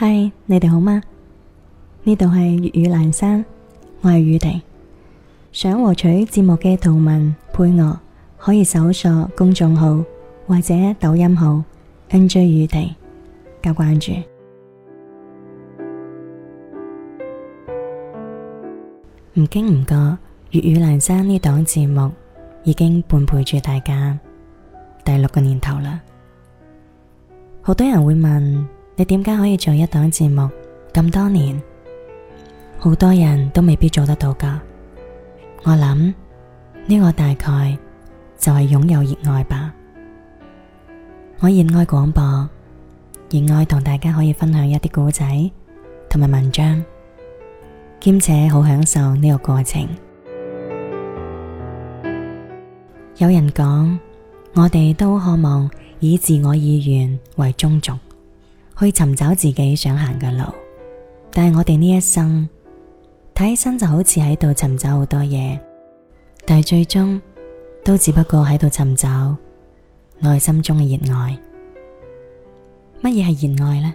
嗨，Hi，你哋好嗎？呢度係粵語闌珊，我係宇婷。想獲取節目嘅圖文配樂，可以搜索公眾號或者抖音號 NJ 宇婷加關注。唔經唔覺，粵語闌珊呢檔節目已經伴陪住大家第六個年頭啦。好多人會問。你點解可以做一檔節目咁多年？好多人都未必做得到噶。我諗呢，我、呢個、大概就係擁有熱愛吧。我熱愛廣播，熱愛同大家可以分享一啲古仔同埋文章，兼且好享受呢個過程。 有人講，我哋都好渴望以自我意願為中軸。去尋找自己想行嘅路，但係我哋呢一生睇起身就好似喺度尋找好多嘢，但係最終都只不過喺度尋找內心中嘅熱愛。乜嘢係熱愛呢？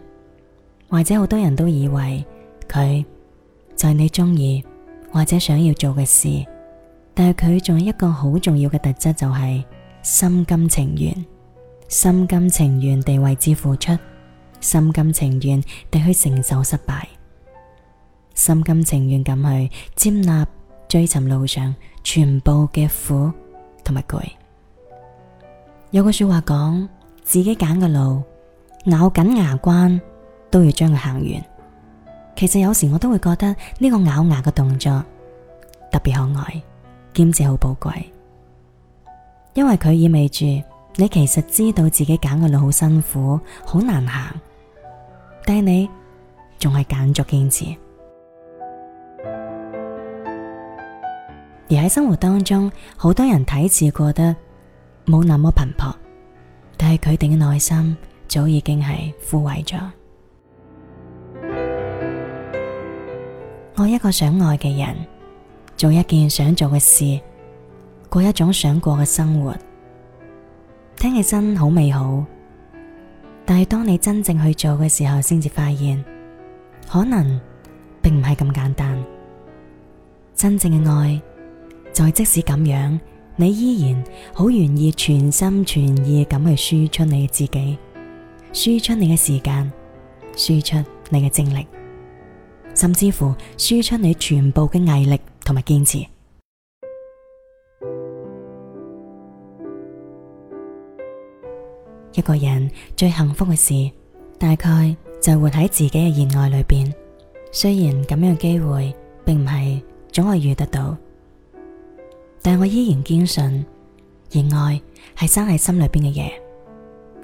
或者好多人都以為佢就係你中意或者想要做嘅事，但係佢仲有一個好重要嘅特質就係、是、心甘情願，心甘情願地為之付出。心甘情願地去承受失敗，心甘情願咁去接納追尋路上全部嘅苦同埋攰。有句說話講，自己揀嘅路咬緊牙關都要將佢行完。其實有時我都會覺得呢個咬牙嘅動作特別可愛，兼且好寶貴，因為佢意味住你其實知道自己揀嘅路好辛苦，好難行。但你仲係揀咗堅持，而喺生活當中，好多人睇似過得冇那麼頻撲，但係佢哋嘅內心早已經係枯萎咗。愛 一個想愛嘅人，做一件想做嘅事，過一種想過嘅生活，聽起身好美好。但係當你真正去做嘅時候，先至發現可能並唔係咁簡單。真正嘅愛，就係即使咁樣，你依然好願意全心全意咁去輸出你自己，輸出你嘅時間，輸出你嘅精力，甚至乎輸出你全部嘅毅力同埋堅持。一個人最幸福嘅事，大概就活喺自己嘅熱愛裏邊。雖然咁樣嘅機會並唔係總係遇得到，但我依然堅信，熱愛係生喺心裏邊嘅嘢，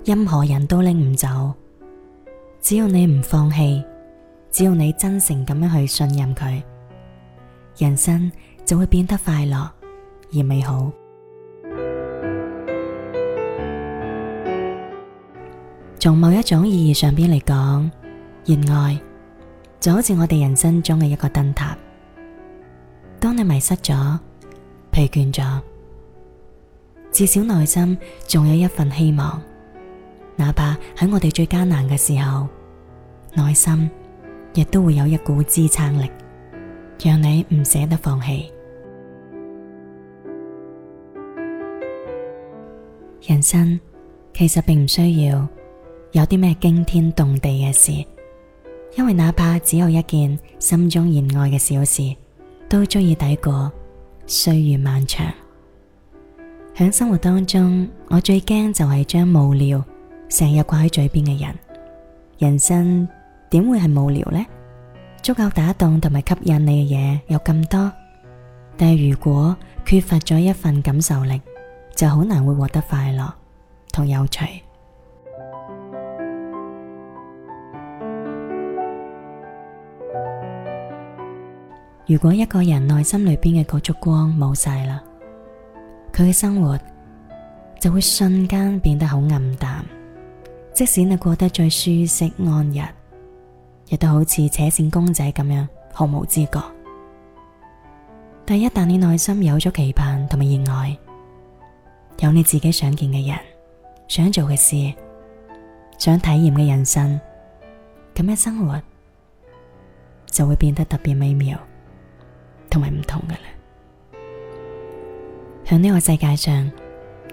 任何人都拎唔走。只要你唔放棄，只要你真誠咁樣去信任佢，人生就會變得快樂而美好。從某一種意義上邊嚟講，熱愛就好似我哋人生中嘅一個燈塔。當你迷失咗、疲倦咗，至少內心仲有一份希望。哪怕喺我哋最艱難嘅時候，內心亦都會有一股支撐力，讓你唔捨得放棄。人生其實並唔需要有啲咩驚天動地嘅事？因為哪怕只有一件心中熱愛嘅小事，都足以抵過歲月漫長。響生活當中，我最驚就係將無聊成日掛喺嘴邊嘅人。人生點會係無聊呢？足夠打動同埋吸引你嘅嘢有咁多，但係如果缺乏咗一份感受力，就好難會獲得快樂同有趣。如果一個人內心裏邊嘅嗰束光冇晒啦，佢嘅生活就會瞬間變得好暗淡。即使你過得再舒適安逸，亦都好似扯線公仔咁樣毫無知覺。但一旦你內心有咗期盼同埋熱愛，有你自己想見嘅人、想做嘅事、想體驗嘅人生，咁樣生活就會變得特別美妙。同埋唔同嘅啦，響呢個世界上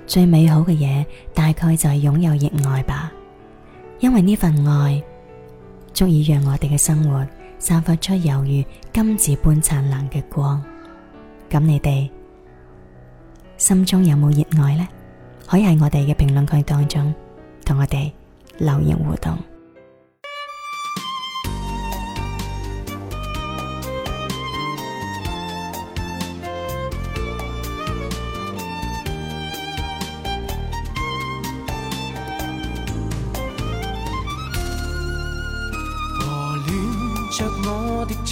最美好嘅嘢，大概就係擁有熱愛吧。因為呢份愛，足以讓我哋嘅生活散發出猶如金子般燦爛嘅光。咁你哋心中有冇熱愛呢？可以喺我哋嘅評論區當中同我哋留言互動。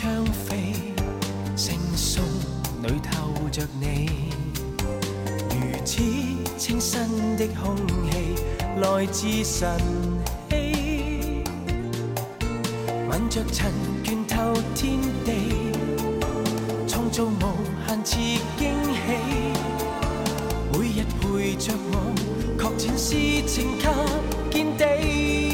窗飛，青松裏透着你，如此清新的空氣來自晨曦。吻着塵捲透天地，創造無限次驚喜。每日陪着我，擴展思情及見地。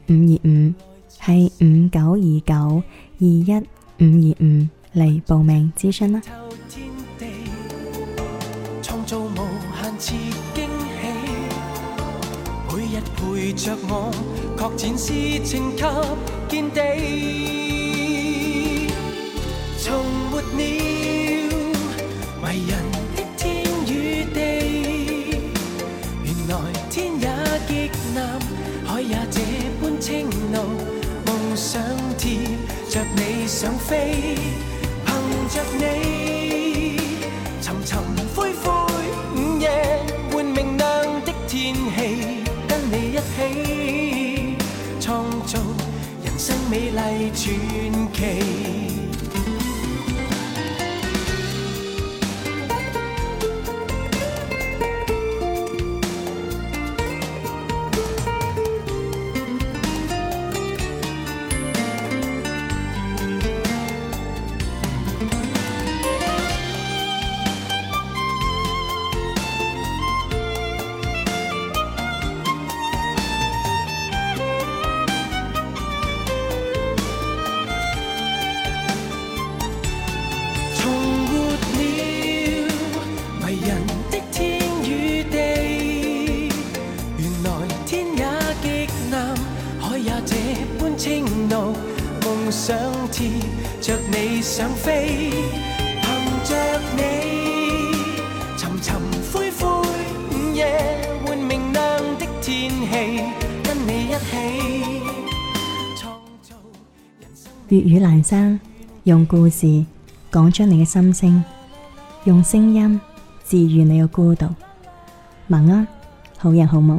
五二五係五九二九二一五二五嚟報名諮詢啦！創造無限次驚喜，每日陪着我擴展事情，給見地。想飛，憑着你，沉沉灰灰午夜、yeah, 換明亮的天氣，跟你一起創造人生美麗處。夢想想天，着你想飛着你你，沉沉灰灰，夜、yeah, 換明亮的天氣，跟你一起創造人生。粵語闌珊，用故事講出你嘅心聲，用聲音治愈你嘅孤獨。晚安、啊，好人好夢。